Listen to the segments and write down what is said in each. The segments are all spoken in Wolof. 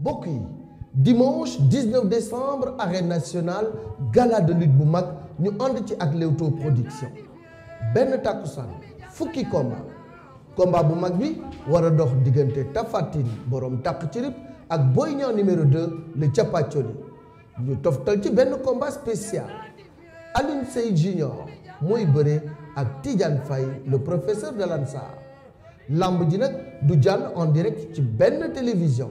mbokk yi dimanche 19 décembre arène nationale gala de lutte bu mag ñu ànd ci ak Leewtoo production benn takkusaan fukki combat combat bu mag bi war a dox diggante Tapha Tine borom takk ci rib ak Boy Niang numéro 2 le Chapacholi ñu toftal ci benn combat spécial Alioune Seye Junior mooy bëre ak Tidiane fay le professeur de l'Ansar lamb ji nag du jàll en direct ci benn télévision.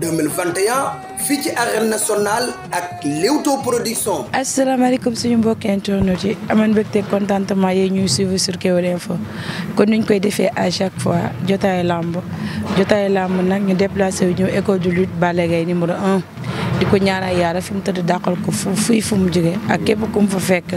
2021 fii ci arène nationale ak Leewtoo production. asalaamaaleykum suñu mbokki internet yi amoon mbégte contentement yi ñuy suivre sur Kewel Info kon ñu koy defee à chaque fois jotaay làmb jotaay lamb nag ñu déplacé wu ñëw école de lutte Balla ni numéro 1. di ko ñaanal yàlla fi mu tëdd dàqal ko fu fuy fu mu jógee ak képp ku mu fa fekk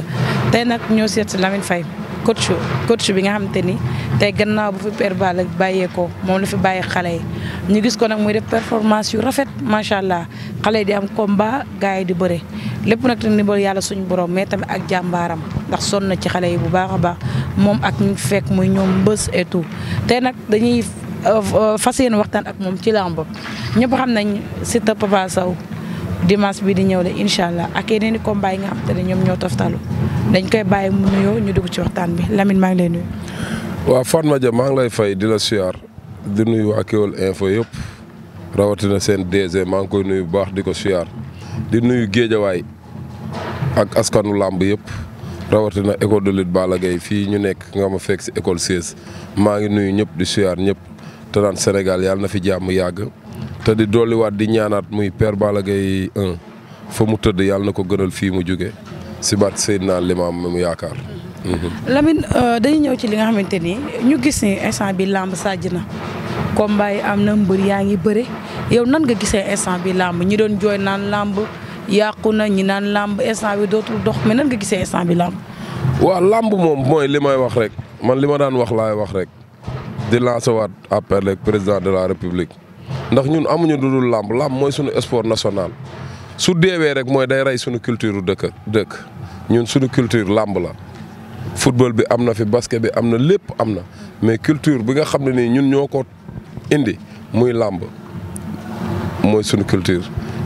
tey nag ñoo seet si Lamine Faye coach coach bi nga xamante ni tey gannaaw bu fi Père Balla bàyyeekoo moom la fi bàyyi xale yi. ñu gis ko nag muy def performance yu rafet macha allah xale yi di am combat gars yi di bëre lépp nag dañu dimbali yàlla suñu borom mais tamit ak jàmbaaram ndax sonn na ci xale yi bu baax a baax moom ak ñu fekk muy ñoom mbës et tout te nag dañuy euh, euh, fas yéene waxtaan ak moom ci làmb ñëpp xam nañ Siteu Papa Sow dimanche bi di ñëw la incha allah ak yeneen i combat yi nga xam te ne ñoom ñoo toftalu dañ koy bàyyi mu nuyoo ñu dugg ci waxtaan bi Lamine maa ngi lay nuyu. waaw Fatma Dia maa ngi lay fay di la siyaar di nuyu waa Kewel Info yëpp rawatina seen DG maa ngi koy nuyu bu baax di ko siyaar di nuyu géejawaay ak askanu làmb yëpp rawatina école de lutte Balla fii ñu nekk nga ma fekk si école 16 maa ngi nuyu ñëpp di suyaar ñëpp te naan Sénégal yàlla na fi jàmm yàgg te di dolliwaat di ñaanaat muy per Balla Gaye 1 fa mu tëdd yàlla na ko gënal fii mu jóge si baat Seydina Limaam mu yaakaar. Mhm. Lamine euh, dañuy ñëw ci li nga xamante ni ñu gis ni instant bi làmb sàjj na. combat yi am na mbër yaa ngi bëre yow nan nga gisee instant bi làmb ñi doon jooy naan làmb yàqu na ñi naan làmb instant bi dootul dox mais nan nga gisee instant bi làmb. waa làmb moom mooy li may wax rek man li ma daan wax laay wax rek di lancer waat appel rek président de la république ndax ñun amuñu lu dul làmb làmb mooy sunu sport national su deewee rek mooy day rey sunu culture dëkk dëkk ñun sunu culture làmb la. football bi am na fi basket bi am na lépp am na mais culture bi nga xam ne nii ñun ñoo indi muy làmb mooy sunu culture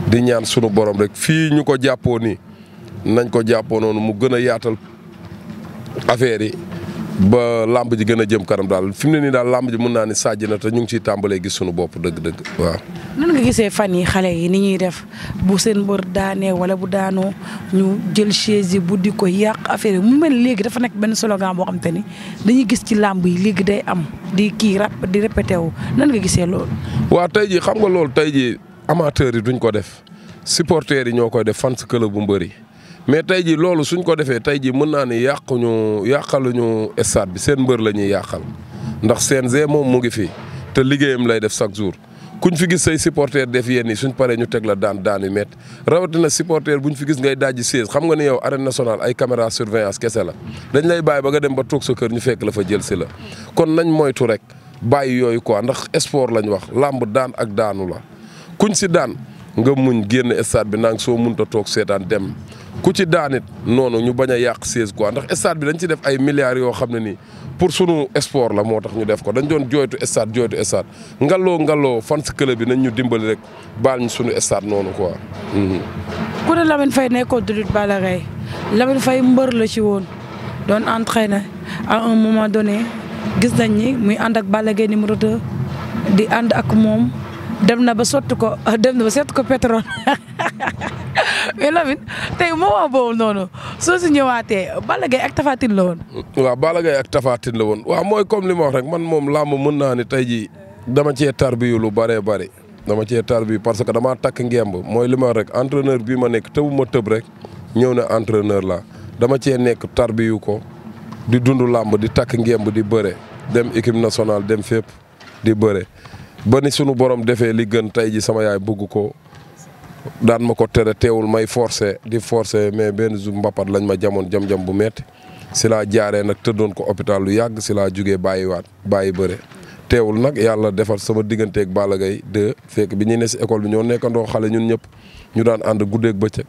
di ñaan sunu borom rek fii ñu ko jàppoo nii nañ ko jàppoo noonu mu gën a yaatal affaire yi ba làmb ji gën a jëm kanam daal fi mu ne nii daal làmb ji mun naa ne sàjj na te ñu ngi ciy tàmbalee gis suñu bopp dëgg-dëgg waaw. nan nga gisee fan yi xale yi ni ñuy def bu seen mbër daanee wala bu daanoo ñu jël chaise yi buddi ko yàq affaire mu mel léegi dafa nekk benn slogan boo xam ni dañuy gis ci làmb yi léegi day am di kii rap di répété nan nga gisee loolu. waaw tey jii xam loolu tey jii amateurs yi duñ ko def supporters yi ñoo koy def fans club bu mbër yi mais tey jii loolu suñ ko defee tey jii mën naa ne yàquñu yàqaluñu stade bi seen mbër la ñuy yàqal ndax CNG moom mu ngi fi te liggéeyam lay def chaque jour kuñ fi gis say supporter def yenn yi suñ paree ñu teg la daan daani yu rawatina rawatina supporter ñu fi gis ngay dajji siège xam nga ne yow arène nationale ay caméra surveillance kese la dañ lay bàyyi ba nga dem ba toog sa kër ñu fekk la fa jël si la kon nañ moytu rek bàyyi yooyu quoi ndax sport lañ wax làmb daan ak daanu la kuñ si daan nga muñ génn stade bi nang soo munta toog seetaan dem ku ci daanit noonu ñu bañ a yàq seize quoi ndax stade bi dañ ci def ay milliards yoo xam ne nii pour sunu sport la moo tax ñu def ko dañ doon jooytu stade jooytu stade ngaloo ngalloo fans club bi nañ ñu dimbali rek baal ñu sunu stade noonu quoi. Mhm. ku ne Lamine fay nekkoon du lutte Balla Gaye Lamine mbër la ci woon doon entraîner à un moment donné gis nañ ni muy ànd ak Balla ni numéro 2 di ànd ak moom dem na ba sotti ko dem na ba sotti ko pétrole. mais Lamine tey moment boobu noonu soo si ñëwaatee Balla Gaye ak Tapha la woon. waaw Balla Gaye ak Tapha la woon waa mooy comme li ma wax rek man moom làmb mën naa ni tey jii dama cee tarbiyu lu bëree bëri. dama cee tarbiyu parce que dama takk ngemb mooy li ma rek entraîneur bii ma nekk tëbu ma tëb rek ñëw na entraîneur la dama cee nekk tarbiyu ko di dund làmb di takk ngemb di bëre dem équipe nationale dem fépp di bëre ba ni sunu borom defee li gën tey ji sama yaay bëgg ko. daan ma ko tere teewul may forcé di forcé mais benn jour mbappat lañ ma jamoon jam-jam bu metti si laa jaaree nag tëddoon ko hôpital lu yàgg si laa jugee bàyyiwaat bàyyi bëre teewul nag yàlla defar sama digganteeg Balla Gaye 2 fekk bi ñuy ne si école bi ñoo nekkandoo xale ñun ñëpp ñu daan ànd guddeeg bëccëg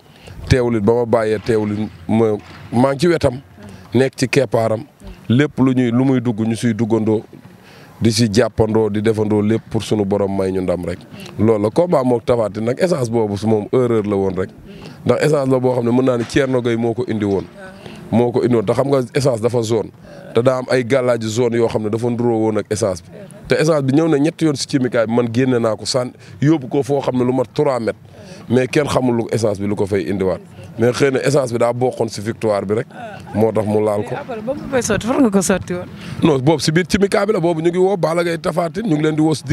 teewul it ba ma bàyyee teewul it ma maa ngi ci wetam nekk ci keppaaram lépp lu ñuy lu muy dugg ñu suy duggandoo di si jàppandoo di defandoo lépp pour sunu borom may ñu ndam rek loolu la combat moog Tapha nag essence boobu su moom erreur la woon rek ndax essence la boo xam ne mën naa ne Thierno Gueye moo ko indi woon moo ko indi woon te xam nga essence dafa zone te daa am ay gàllaaji zone yoo xam ne dafa nduroo woon ak essence bi te essence bi ñëw na ñetti yoon si cimikaay bi man génne naa ko sànni yóbbu ko foo xam ne lu mat 3 mètres mais kenn xamul lu essence bi lu ko fay indiwaat mais xëy na essence bi daa bokkoon si victoire bi rek moo tax mu laal ko. Ah, non boobu si biir cimikaay bi la boobu ñu ngi woo Balla Gaye Tapha ñu ngi leen di woo si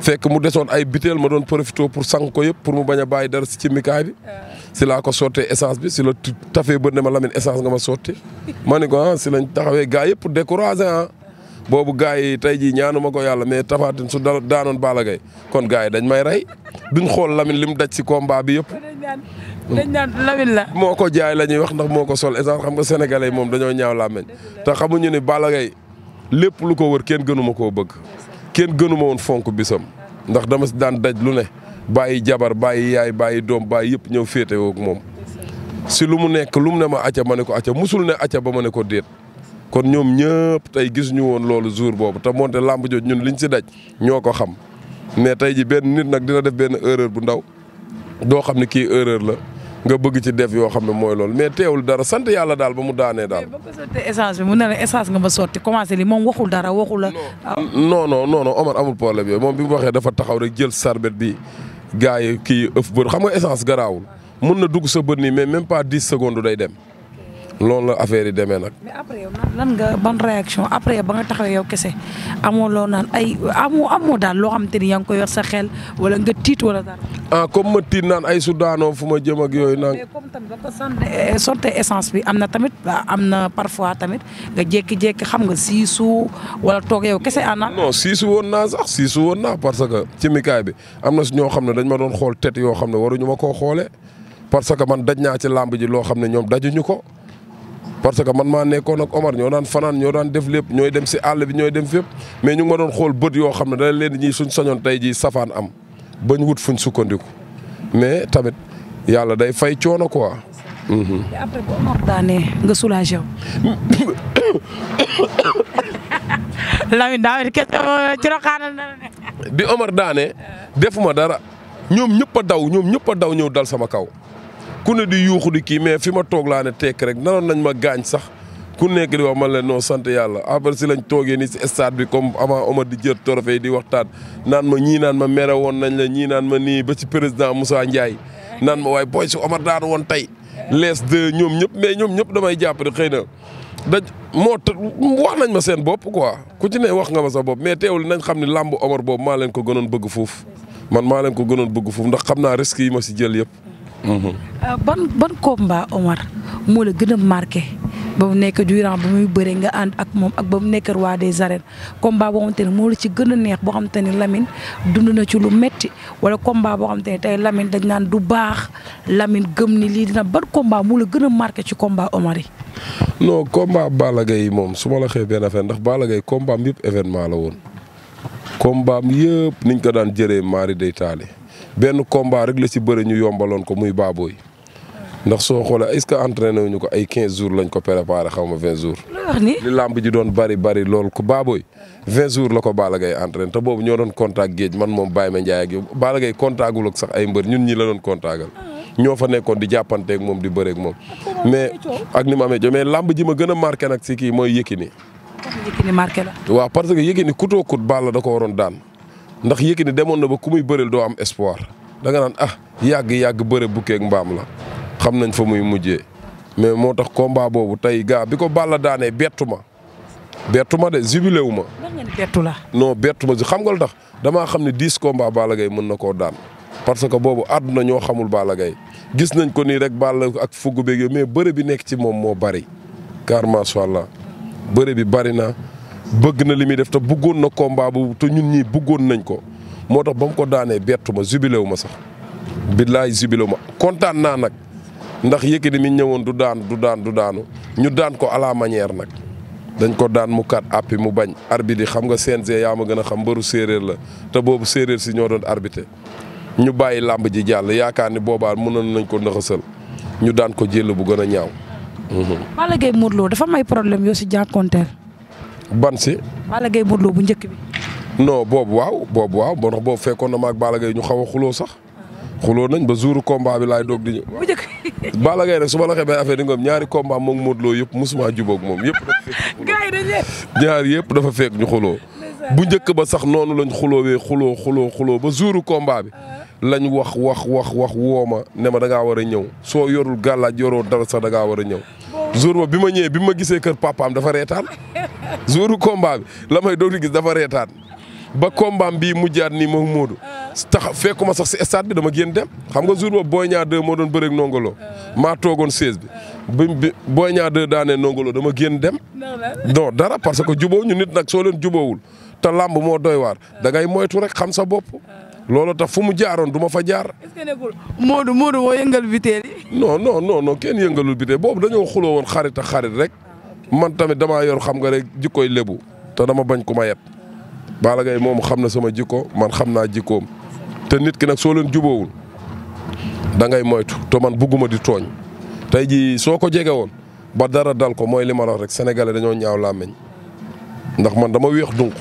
fekk mu desoon ay biteel doon profité pour sang yëpp pour mu bañ a bàyyi dara si cimikaay bi. si laa ko sottee essence bi si la tafee ba ne ma Lamine essence nga ma sotti ma ah taxawee gars yëpp découragé ah. boobu gars yi tey jii ñaanuma ko yàlla mais Tapha Tine su daanoon Balla Gaye kon gaa yi dañ may rey duñ xool Lamine lim daj si combat bi yëpp. moo ko jaay la ñuy wax ndax moo ko sol essence xam nga sénégalais moom dañoo ñaaw làmmeñ te xamuñu ni Balla lépp lu ko wër kenn gënuma koo bëgg kenn gënuma woon fonk bisam ndax dama si daan daj lu ne bàyyi jabar bàyyi yaay bàyyi doom bàyyi yëpp ñëw féetewoo ak moom. si lu mu nekk lu mu ne ma acca ma ne ko acca musul ne acca ba ma ne ko déet. kon ñoom ñëpp tey gis ñu woon loolu jour boobu te moonte làmb jooju ñun liñ si daj ñoo ko xam mais tey ji benn nit nag dina def benn erreur bu ndaw doo xam ne kii erreur la nga bëgg ci def yoo xam ne mooy loolu mais teewul dara sant yàlla daal ba mu daanee daal. ba ko sottee essence bi la ma sotti commencé li moom waxul dara waxul la. non non non non Omar amul problème yooyu moom bi mu waxee dafa taxaw rek jël sarbet bi gars yi kii ëff bër xam nga essence garaawul mun na dugg sa bët nii mais même pas dix secondes day dem. loolu la affaire yi demee nag. mais après yow nga ban réaction après ba nga taxawee yow kese amoo loo naan ay amoo amoo daal loo xam xamante ni yaa ngi koy sa xel wala nga tiit wala dara. ah comme ma tiit ay su daanoo fu ma jëm ak yooyu. naan mais comme tamit ba ko eh, bi am na tamit am na parfois tamit nga jékki-jékki xam nga siisu wala toog yow kese ana. non siisu woon naa sax siisu woon naa parce que ci mikaay bi am na ñoo xam ne dañ ma doon xool tet yoo xam ne waruñu ma koo xoolee parce que man daj naa ci làmb ji loo xam ne ñoom dajuñu ko. parce que man maa nekkoon ak Omar ñoo daan fanaan ñoo daan def lépp ñooy dem si àll bi ñooy dem fépp mais ñu ma doon xool bët yoo xam ne dana leen ñi suñ sañoon tey jii safaan am ba ñu wut fuñ sukkandiku mais tamit yàlla day fay coono quoi. Mhm. te après bu na ne. bi Omar daanee defuma dara ñoom ñëpp a daw ñoom ñëpp daw ñëw dal sama kaw. ku ne di yuuxu di kii mais fi ma toog laa ne tekk rek naroon nañ ma gaañ sax ku nekk di wax man leen non sant yàlla après si lañ toogee ni si stade bi comme avant Omar di jël trophée yi di waxtaan naan ma ñii naan ma mere woon nañ la ñii naan ma nii ba ci président Moussa Ndiaye naan ma waaye booy si Omar daan woon tey lees de ñoom ñëpp mais ñoom ñëpp damay jàpp rek xëy na daj moo wax nañ ma seen bopp quoi ku ci ne wax nga ma sa bopp mais teewul nañ xam ne lamb Omar boobu maa leen ko gënoon bëgg foofu man maa leen ko gënoon bëgg foofu ndax xam naa risques yi ma si jël yëpp Euh, ban ban combat Omar moo la gën a marqué ba mu nekk durant ba muy bëre nga ànd ak moom ak ba mu nekk roi de arènes combat boo xamante ne moo la ci gën a neex boo xamante ne Lamine dund na ci lu metti wala combat boo xamante ne tey Lamine dañ naan du baax Lamine gëm ni lii dina ban combat moo la gën a marqué ci combat omari yi. non combat Balla moom su ma la xëy benn affaire ndax Balla Gaye combat yëpp événement la woon kombam am yëpp niñ ko daan jëre maari day taale. benn combat rek la ci bëre ñu yombaloon ko muy baabooy ndax soo xoolee est-ce que entraîné ñu ko ay 15 jours lañ ko préparé xaw ma 20 jours. li làmb ji doon bari bari lool ko baabooy 20 jours la ko baala gay entraîné te boobu ñoo doon contact géej man moom baay Ma Ndiaye ak yow Balla Gaye contactul ak sax ay mbër ñun ñi la doon contactal. Ah. ñoo fa nekkoon di jàppanteek moom di bëreeg moom. mais ak ni ma amee jo làmb ji ma gën a marqué nag si kii mooy yëkki Yékini marqué la. waaw parce que Yékini kutoo kut da ko waroon daan. ndax Yékini demoon na ba ku muy bëreel doo am espoir danga nga naan ah yàgg-yàgg bëre bukkeeg mbaam la xam nañ fa muy mujje mais moo tax combat boobu tey gaa bi ko Balla daanee bettu ma bettu ma de jubilé wu ma. bettu la. non bettu ma xam nga lu tax damaa xam ne dix combat Balla Gaye mën na koo daan parce que boobu àdduna ñoo xamul Balla Gaye gis nañ ko nii rek Balla ak fugg beeg yooyu mais bëre bi nekk ci moom moo bari car macha allah bëre bi bari na. bëgg na li muy def te buggoon na combat bu te ñun ñii buggoon nañ ko moo tax ba mu ko daanee bettu ma jubilé wu ma sax billaay jubilé ma kontaan naa nag ndax Yékini mi ñëwoon du daan du daan du daanu ñu daan ko à la manière nag. dañ ko daan mu kat appi mu bañ arbitre yi xam nga CNG yaa ma gën a xam mbëru séeréer la te boobu séeréer si ñoo doon arbitre ñu bàyyi làmb ji jàll yaakaar ni boobaa mënoon nañ ko nëxasal ñu daan ko jël bu gën a ñaaw. Mhm. ban si. Balla Gaye bu njëkk bi. non boobu waaw boobu waaw boo ndax fekkoon na ma ak Balla ñu xaw a xuloo sax. xuloo nañ ba jour combat bi laay doog di ñëw. bu su ma la xamee affaire yi nga ñaari moom Modou yëpp mosuma jubóog moom yëpp. gars yi dañuy yëpp dafa fekk ñu xuloo. bu njëkk ba sax noonu lañ xuloowee xuloo xuloo xuloo ba jour combat bi. lañ wax wax wax wax woo ma ne ma da ngaa war a ñëw soo yorul gàllaaj yoroo dara sax da war a ñëw. jour ba bi ma ñëwee bi ma gisee kër papaam dafa reetaan jouru combat bi la may doog di gis dafa reetaan ba combat bii mujjaat nii moom Modou tax fekkuma sax si stade bi dama génn dem xam nga jour ba Boy Niang 2 moo doon bëreeg nongolo maa toogoon 16 bi bi Boy Niang 2 daanee nongolo dama génn dem. don dara parce que jubóo ñu nit nag soo leen jubóowul te làmb moo doy waar da ngay moytu rek xam sa bopp. looloo tax fu mu jaaroon du ma fa jaar. est-ce que nekkul Modou Modou moo yëngal biteel yi. non non non kenn yëngalul biteel boobu dañoo xuloo woon xarita xarit rek man tamit dama yor xam nga rek jikkooy lébu te dama bañ ku ma yet. Balla Gaye moom xam na sama jikko man xam naa jikkoom te nit ki nag soo leen jubóowul da ngay moytu te man bugguma di tooñ tey jii soo ko jege woon ba dara dal ko mooy li ma wax rek sénégalais dañoo ñaaw làmmeñ ndax man dama weex dunq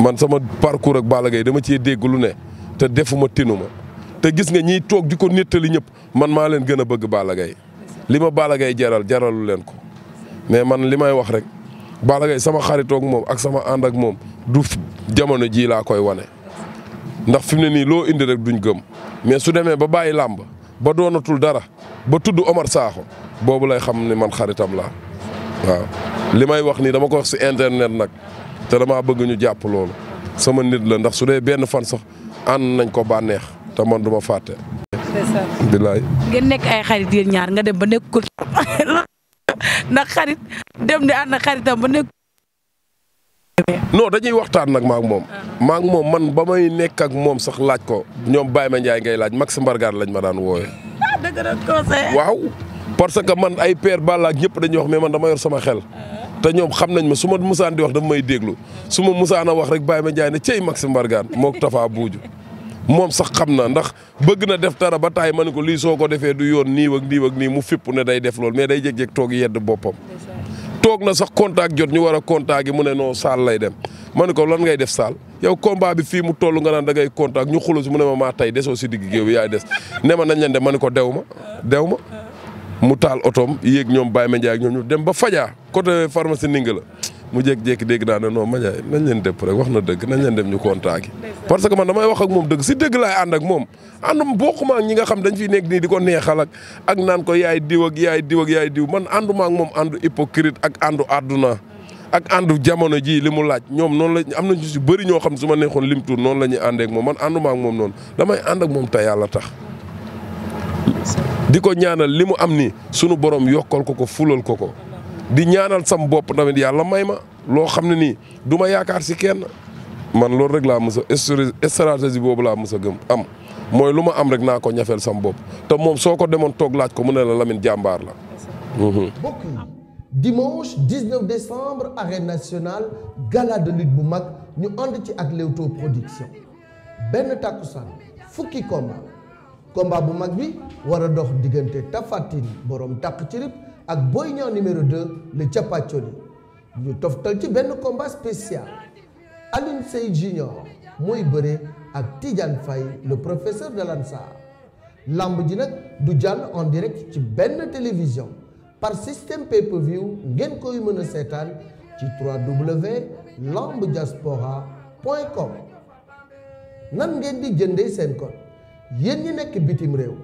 man sama parcours ak Balla Gaye dama cee dégg lu ne te defuma tinuma te gis nga ñii toog di ko nettali ñëpp man maa leen gën a bëgg Balla Gaye li ma Balla Gaye jaral jaralu leen ko mais man li may wax rek Balla Gaye sama xaritoog moom ak sama ànd ak moom du jamono jii laa koy wane ndax fi mu ne nii loo indi rek duñ gëm mais su demee ba bàyyi làmb ba doonatul dara ba tudd Omar Sakho boobu lay xam ne man xaritam laa waaw li may wax nii dama ko wax si internet nag te damaa bëgg ñu jàpp loolu sama nit la ndax su dee benn fan sax ànd nañ ko bànneex te man du fàtte. bilaay. ngeen nekk ay xarit yéen ñaar nga dem ba nekkul ndax xarit dem di ànd xaritam ba nekk. non dañuy waxtaan nag maak moom. maak moom man ba may nekk ak moom sax laaj ko ñoom Baye Ma njaay ngay laaj Max mbargaan lañ ma daan wooyee. Ah, waaw parce que man ay père Balla ak ñëpp dañuy wax mais man dama yor sama xel. te ñoom xam nañ ma su ma musaan di wax dafa may déglu su ma musaan a wax rek bàyyi ma jaay ne cey Maxime Mbargane mook Tafa Buuju moom sax xam na ndax bëgg na def tara ba taay ma ne ko lii soo ko defee du yoon nii ak nii ak nii mu fipp ne loolu mais day jégjég toog yedd boppam toog na sax contact jot ñu war a contact yi mu ne noo saal lay dem ma ne ko lan ngay def saal yow combat bi fii mu toll nga naan da ngay contact ñu xulus mu ne ma maa tey desoo si digg géew yaay des ne ma nañ leen de ma ne ko dew ma dew ma mu taal otoom yéeg ñoom Baye Mandiaye ak ñoom dem ba Fadja côté pharmacie la mu jékki-jékki dégg naa ne non Mandiaye nañ leen dëpp rek wax na dëgg nañ leen dem ñu kontaagi parce que man damay wax ak moom dëgg si dëgg laay ànd ak moom àndum bokkuma ak ñi nga xam dañ fiy nekk nii di ko neexal ak naan ko yaay diw ak yaay diw ak yaay diw man ànduma ak moom àndu hypocrite ak àndu àdduna ak àndu jamono jii li mu laaj ñoom noonu la am na ñu si bëri ñoo xam su ma neexoon lim tuur noonu la ñuy àndee ak moom man ànduma ak moom noonu damay ànd ak moom te yàlla tax di ko ñaanal li mu am ni sunu borom yokkal ko ko fulal ko ko di ñaanal sam bopp tamit yàlla may ma loo xam ne nii du ma yaakaar si kenn man loolu rek laa mës a stratégie boobu laa mës gëm am mooy lu ma am rek naa ko ñafeel sam bopp te moom soo ko demoon toog laaj ko mu ne la Lamine jàmbaar la mhm. mbokk yi dimanche 19 décembre arène bu mag ñu ànd ci ak benn takkusaan fukki combat combat bu mag bi war a dox diggante Tapha Tine borom takk ci ak Boy Niang numéro 2 le capacoli ñu toftal ci benn combat spécial Alioune Seye Junior mooy bëre ak Tidiane fay le professeur de l'Ansar lamb ji nag du jàll en direct ci benn télévision par système pay per ngeen koy mën a seetaan ci 3w lambdiaspora point com nan ngeen di jëndee seen code yéen ñi nekk bitim réew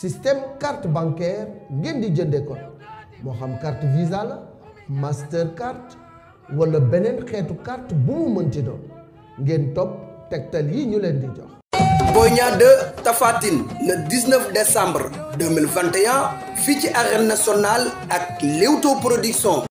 système carte bancaire ngeen di jëndee ko moo xam carte visa la master carte wala beneen xeetu carte bu mu mënti ngeen topp tegtal yi ñu leen di jox. Boy Niang 2 Tapha Tine le 19 décembre 2021 fii ci arène nationale ak Leewtoo production.